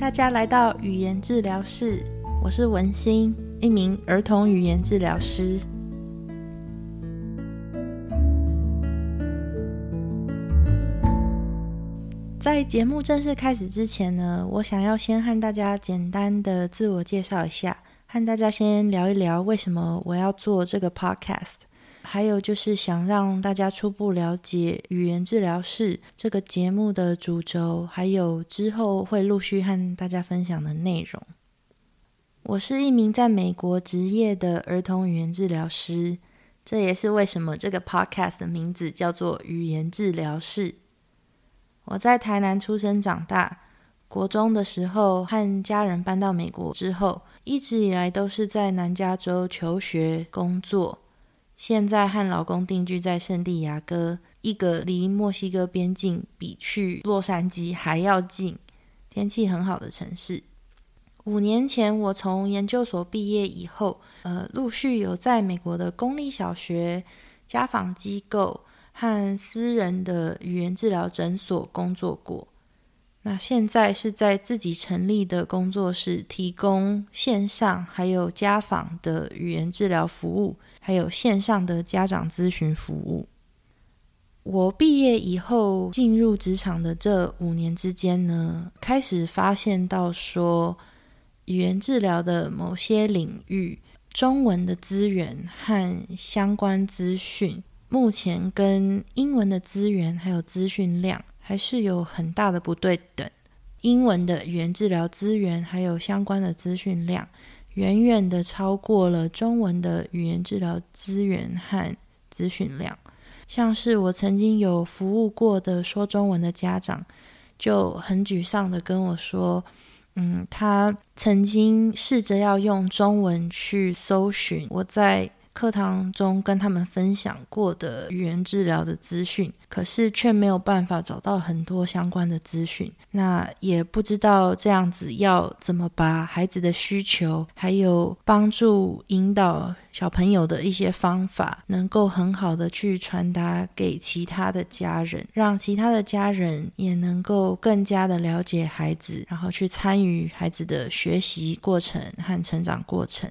大家來到語言摯聊室，我是文馨，一名兒童語言治療師。在節目正式開始之前呢，我想要先和大家簡單的自我介紹一下，和大家先聊一聊為什麼我要做這個 podcast。還有就是想讓大家初步了解語言摯聊室這個節目的主軸，還有之後會陸續和大家分享的內容。我是一名在美國執業的兒童語言治療師，這也是為什麼這個 podcast 的名字叫做「語言摯聊室」。我在台南出生長大，國中的時候和家人搬到美國之後，一直以來都是在南加州求學工作。現在和老公定居在聖地亞哥，一個離墨西哥邊境比去洛杉磯還要近，天氣很好的城市。五年前我從研究所畢業以後，呃，陸續有在美國的公立小學、家訪機構和私人的語言治療診所工作過。那現在是在自己成立的工作室，提供線上還有家訪的語言治療服務，還有線上的家長諮詢服務。我畢業以後進入職場的這五年之間呢，開始發現到說，語言治療的某些領域，中文的資源和相關資訊，目前跟英文的資源還有資訊量，還是有很大的不對等，英文的語言治療資源還有相關的資訊量，遠遠的超過了中文的語言治療資源和資訊量。像是我曾經有服務過的說中文的家長，就很沮喪的跟我說，嗯，他曾經試着要用中文去搜尋我在課堂中跟他們分享過的語言治療的資訊，可是卻沒有辦法找到很多相關的資訊。那也不知道這樣子要怎麼把孩子的需求，還有幫助引導小朋友的一些方法，能夠很好的去傳達給其他的家人，讓其他的家人也能夠更加的了解孩子，然後去參與孩子的學習過程和成長過程。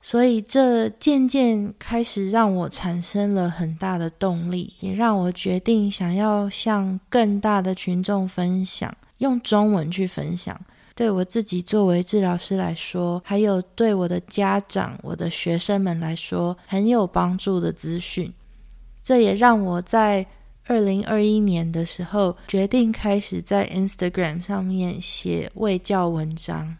所以，這漸漸開始讓我產生了很大的動力，也讓我決定想要向更大的群眾分享，用中文去分享。對我自己作為治療師來說，還有對我的家長、我的學生們來說很有幫助的資訊。這也讓我在二零二一年的時候決定開始在 Instagram 上面寫衛教文章。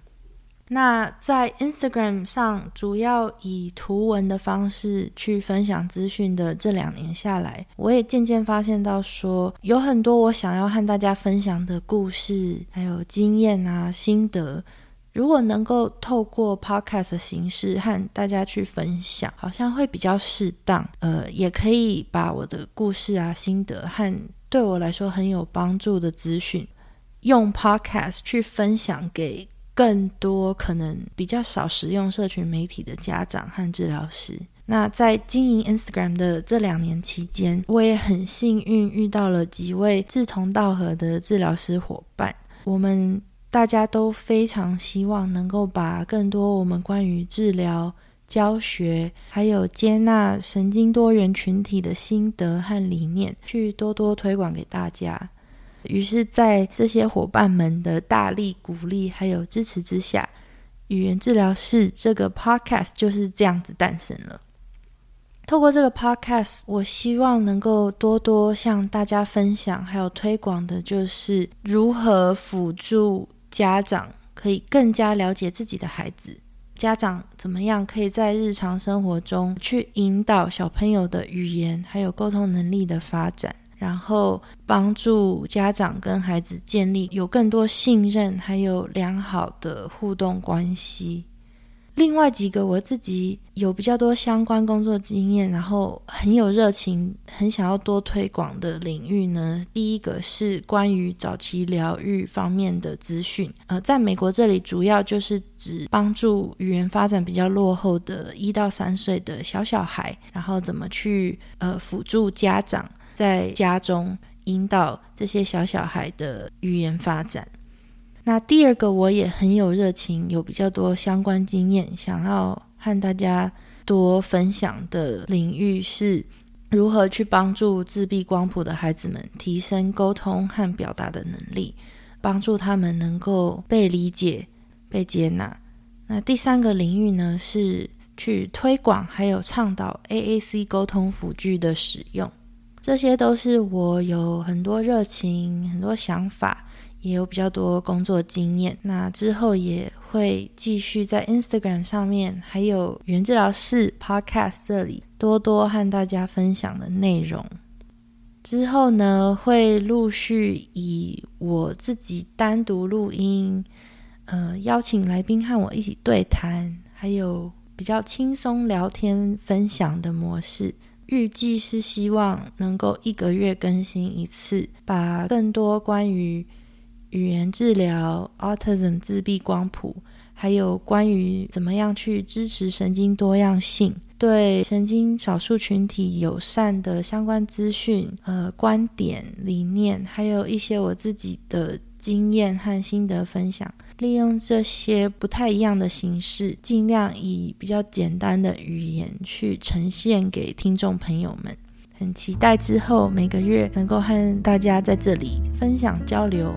那在 Instagram 上主要以圖文的方式去分享資訊的這兩年下來，我也漸漸發現到說，說有很多我想要和大家分享的故事，還有經驗啊、心得，如果能夠透過 Podcast 的形式和大家去分享，好像會比較適當。呃，也可以把我的故事啊、心得和對我來說很有幫助的資訊，用 Podcast 去分享給。更多可能比較少使用社群媒體的家長和治療師。那在經營 Instagram 的這兩年期間，我也很幸運遇到了幾位志同道合的治療師夥伴。我們大家都非常希望能夠把更多我們關於治療、教學，還有接納神經多元群體的心得和理念，去多多推廣給大家。於是，在這些夥伴們的大力鼓勵還有支持之下，語言摯聊室這個 podcast 就是這樣子誕生了。透過這個 podcast，我希望能夠多多向大家分享，還有推廣的，就是如何輔助家長可以更加了解自己的孩子，家長怎麼樣可以在日常生活中去引導小朋友的語言還有溝通能力的發展。然後幫助家長跟孩子建立有更多信任，還有良好的互動關係。另外幾個我自己有比較多相關工作經驗，然後很有熱情，很想要多推廣的領域呢，第一個是關於早期療育方面的資訊，呃，在美國這裡主要就是指幫助語言發展比較落後的一到三歲的小小孩，然後怎麼去呃輔助家長。在家中引導這些小小孩的語言發展。那第二個，我也很有熱情，有比較多相關經驗，想要和大家多分享的領域是，如何去幫助自閉光譜的孩子們提升溝通和表達的能力，幫助他們能夠被理解、被接納。那第三個領域呢，是去推廣還有倡導 AAC 溝通輔具的使用。這些都是我有很多熱情、很多想法，也有比較多工作經驗。那之後也會繼續在 Instagram 上面，還有語言摯聊室 Podcast 這裡多多和大家分享的內容。之後呢，會陸續以我自己單獨錄音，呃，邀請來賓和我一起對談，還有比較輕鬆聊天分享的模式。預計是希望能夠一個月更新一次，把更多關於語言治療、Autism 自閉光譜，還有關於怎麼樣去支持神經多樣性、對神經少數群體友善的相關資訊、呃、觀點、理念，還有一些我自己的經驗和心得分享。利用這些不太一樣的形式，盡量以比較簡單的語言去呈現給聽眾朋友們。很期待之後每個月能夠和大家在這裡分享交流。